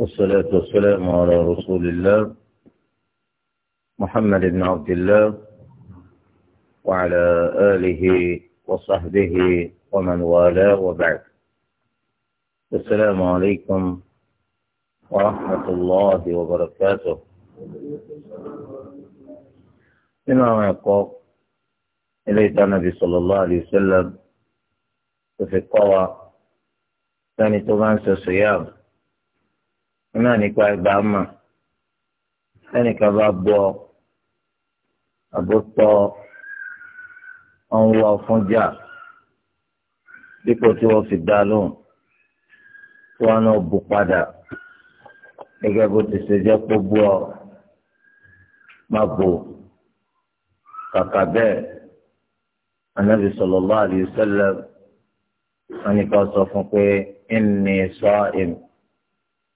والصلاة والسلام على رسول الله محمد بن عبد الله وعلى آله وصحبه ومن والاه وبعد السلام عليكم ورحمة الله وبركاته ما يقول إليت النبي صلى الله عليه وسلم في القوى ثاني تبان صيام náà nípa ìgbà mà ẹnìkan bá bọ àbótọ ọ̀hún wá fún jà dípò tí wọ́n fi dá lóhùn tí wọ́n náà bù padà gẹ́gẹ́ bó ti ṣe jẹ́ pé bú ọ má bò kàkà bẹ́ẹ̀ anabi sallallahu alaihi wasallam wọn ni sọ fún pé inni sa'im.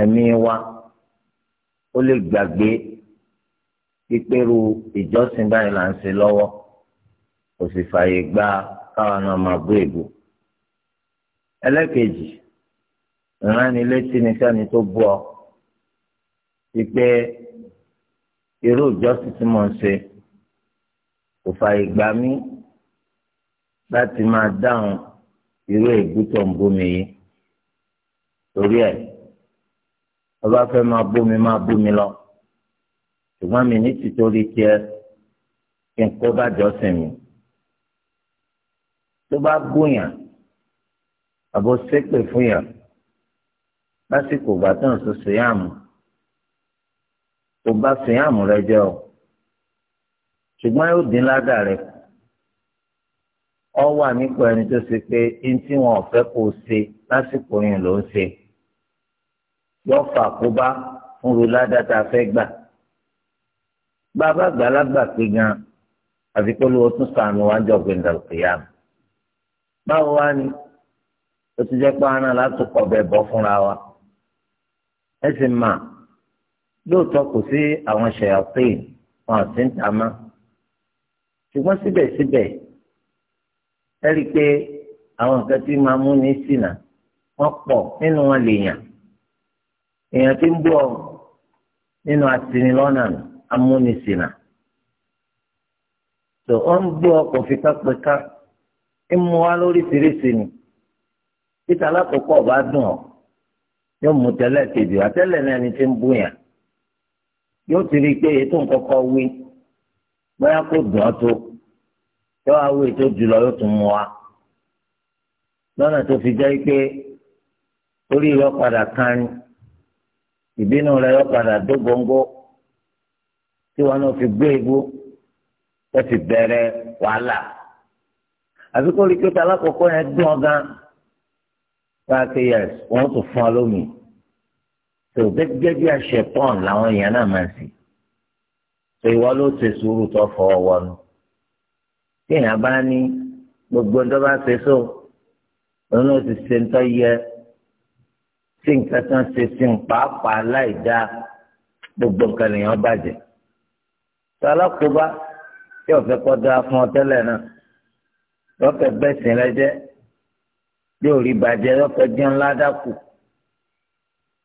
ẹ̀mí wa ó lè gbàgbé pípẹ́rù ìjọsìn báyìí là ń ṣe lọ́wọ́ kò sì fààyè gba káwọn náà máa bú ègbò. ẹlẹ́kejì ìránnilétí ni sẹ́ni tó bú ọ pípẹ́ irú ìjọsìn tí mo ń ṣe kò fààyè gbà mí láti máa dáhùn irú ègbú tó ń bú mi yìí torí ẹ̀ ọba fẹ́ máa bómi máa bómi lọ ṣùgbọ́n mi ní tìtorí tiẹ̀ kí n kó bàjọ́ sìn mi tó bá gbóyàn àbò ṣépè fún yàn lásìkò ìgbà tó ń sọ sèyàmù kò bá sèyàmù rẹ jẹ o ṣùgbọ́n yóò dín ládàá rẹ ọ wà nípò ẹni tó ṣe pé ẹni tí wọn ò fẹ́ kó o ṣe lásìkò yìí ló ń ṣe yóò fà kóbá fún rúládà tá a fẹ́ gbà bàbá àgbàlagbà pé gan àfi pé olówó tún sànù wá jọ gbẹndà òkèèyà báwo wá ni ó ti jẹ́ pé ara láti kọ̀ bẹ́ẹ̀ bọ́ fúnra wa ẹ sì mà lóòótọ́ kò sí àwọn ṣèyàpéyìn wọn àti ń ṣùgbọ́n síbẹ̀síbẹ̀ ẹ rí i pé àwọn nǹkan tí máa mú ní ṣìnà wọ́n pọ̀ nínú wọn lè yàn èèyàn ti ń ọ nínú asinilọ́nà amúnisìnà tó ó ń gbé ọkọ̀ fipápẹ́ká ń mú wa lóríṣiríṣi ni alákòókò ọba dùn ọ yóò mú tẹ́lẹ̀ kejì àtẹ́lẹ̀ náà ni ti ń bú yàn yóò ti rí i pé ètò nkọ́kọ́ wí bóyá kó dùn tó yóò wá wa lọ́nà tó fi jẹ́ pé orí padà ìbínú rẹ yọ padà dó gbòǹgbò tí wọn náà fi gbé egbò wọn ti bẹ̀rẹ̀ wàhálà àfikún rí kíkọ alákọọkọ yẹn dún ọgá káàkiri yẹs wọn tún fún ọ lómi tó gẹ́gẹ́ bí àṣẹ pọn làwọn èèyàn náà máa ń sè tó ìwọ ló ṣe sùúrù tó fọwọ́ wọnú tí èèyàn bá ní gbogbo ń tó bá ṣe sóò òun náà ti ṣe ń tọ́ yẹ tí nǹkan tán ṣe sí ń pàápàá láì dá gbogbo nǹkan nìyẹn bàjẹ́ tọ́lákóbá tí ọ̀fẹ́ kọ́ da fún ọ tẹ́lẹ̀ náà lọ́fẹ̀ bẹ́sìn lẹ́jẹ́ yóò rí bàjẹ́ lọ́fẹ̀ dín ńlá dákù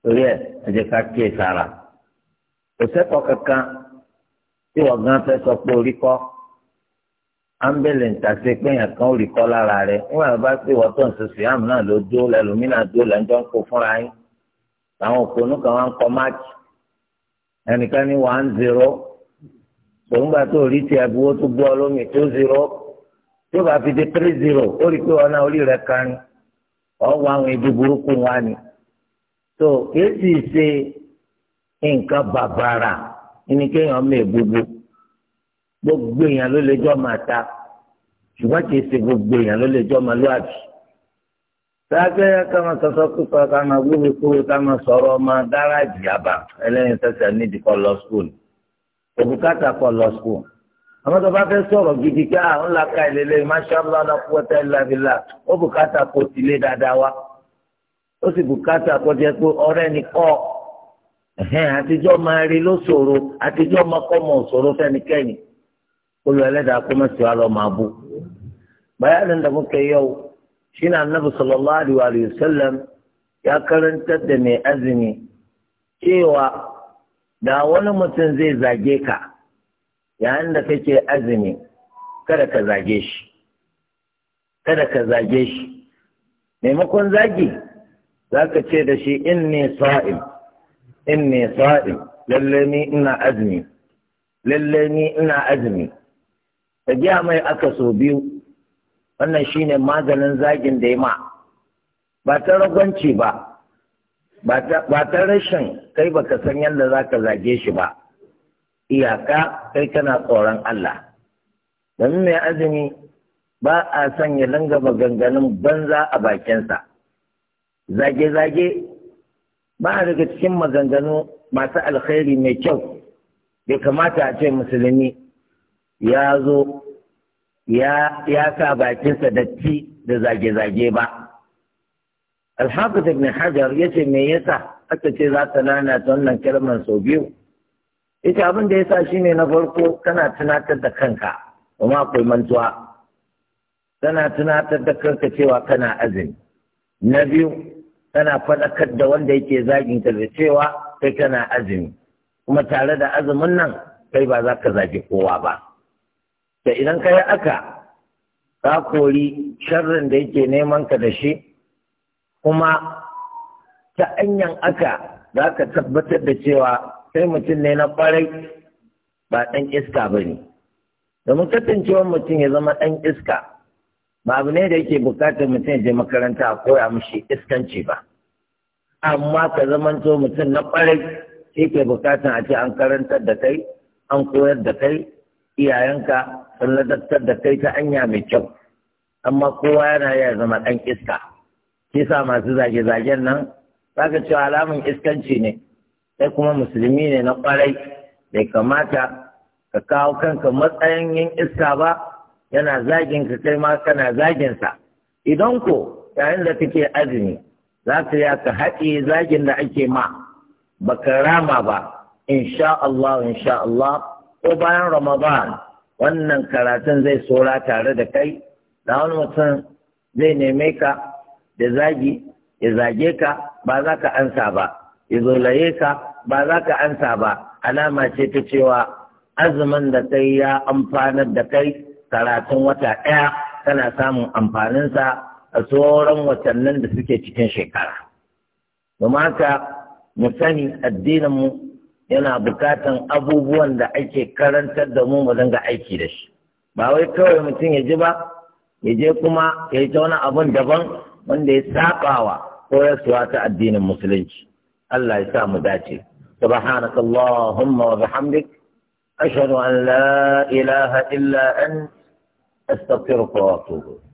torí ẹ̀ ẹ̀jẹ̀ ká kíyè sára kò sẹ́kọ̀ọ́ kankan tí wọ́n gan fẹ́ sọ pé orí kọ́ ambulance ntàsí pé èèyàn kan ò rí kọ́ lára rẹ̀ nígbà tó bá pè wọ́n tó ń sọ síyàm náà ló dó lẹ́lòmínà dó lẹ́jọ́ ń kó fúnra yín àwọn òpònú kan wá ń kọ́ máàkì ẹnìkan ní one zero tòǹgbà tó rí tiẹ̀ bí tó gbọ́ lómi two zero tó bá fi dé three zero ó rí pé wọn náà orí rẹ̀ kan ní ọwọ́ àwọn ibi burúkú wa ni tó kìí sì ṣe nǹkan bàbàrà ní kéèyàn mẹ́ gbogbo. gbogbo èèyàn ló lè jọ máa ta ṣùgbọ́n ṣe gbogbo èèyàn ló lè jọ máa lọ àbí. sáfẹ́ ká máa ká máa ká máa sọ̀rọ̀ ọmọ gáràjì àbá ẹlẹ́yin nídìí kọ́ lọ skul òbúkátà kọ́ lọ skul. àwọn tó bá gidi àwọn ka ìlélẹ́ mashallah la quwwata illa billah ó bùkátà kó tilé dáadáa wá ó sì bùkátà si jẹ́ pé ọ̀rẹ́ ni kọ́ àtijọ́ máa rí àtijọ́ máa kọ́ mọ̀ kullu alada kuma su alo mabu bayanin da muka yi yau na annabi sallallahu alaihi Sallam ya karantar da mai azumi cewa da wani mutum zai zage ka yayin da kake azumi kada ka zage shi kada ka zage shi maimakon zagi za ka ce da shi inni sa'im inni sa'im lalle ni ina azumi lalle ni ina azumi ka gaya mai aka so biyu wannan shine maganin zagin da ya ma ba ta ragwanci ba ba ta rashin kai baka san yadda za ka zage shi ba iyaka kai kana tsoron Allah domin mai azumi ba a son ya dinga maganganun banza a bakinsa zage-zage ba a daga cikin maganganu masu alkhairi mai kyau bai kamata a ce musulmi ya zo ya sa bakinsa datti da zage-zage ba. Alhafiz ibn Hajar ya ce me yasa aka ce za ta ta wannan kalmar sau biyu. Ita abin da ya sa shi ne na farko kana tunatar da kanka, kuma akwai mantuwa. Kana tunatar da kanka cewa kana azumi. Na biyu, kana faɗakar da wanda yake zagin ka da cewa kai kana azumi. Kuma tare da azumin nan kai ba za ka zage kowa ba. da idan ka yi aka ka kori sharrin da yake neman ka da shi kuma ta hanyar aka za ka tabbatar da cewa sai mutum ne na kwarai ba ɗan iska ba ne domin kasancewar mutum ya zama ɗan iska ba abu ne da yake bukatar mutum ya je makaranta a koya mushi iskanci ba amma ka zamanto mutum na kwarai shi ke bukatar a ce an karantar da kai an koyar da kai iyayenka sun ladattar da kai ta hanya mai kyau amma kowa yana iya zama ɗan iska kisa masu zage-zagen nan zaka cewa alamun iskanci ne sai kuma musulmi ne na ƙwarai bai kamata ka kawo kanka matsayin yin iska ba yana zagin ka kai ma kana zagin sa idan ko yayin da kake azumi za ka ya ka haɗe zagin da ake ma baka rama ba insha Allah insha Allah ko bayan Ramadan wannan karatun zai sora tare da kai da wani mutum zai neme ka da zagi ya zage ka ba za ka ansa ba ya zolaye ka ba za ka ansa ba alama ce ta cewa azumin da kai ya amfanar da kai karatun wata ɗaya kana samun amfaninsa a sauran watannin da suke cikin shekara. Domin haka mu sani addininmu yana bukatan abubuwan da ake karantar da mu mu dinga aiki da shi ba wai kawai mutum ya ji ba ya je kuma ya yi ta wani abun daban wanda ya sabawa koyarwa ta addinin musulunci Allah ya sa mu dace سبحانك اللهم وبحمدك أشهد أن لا إله إلا أنت أستغفرك وأتوب إليك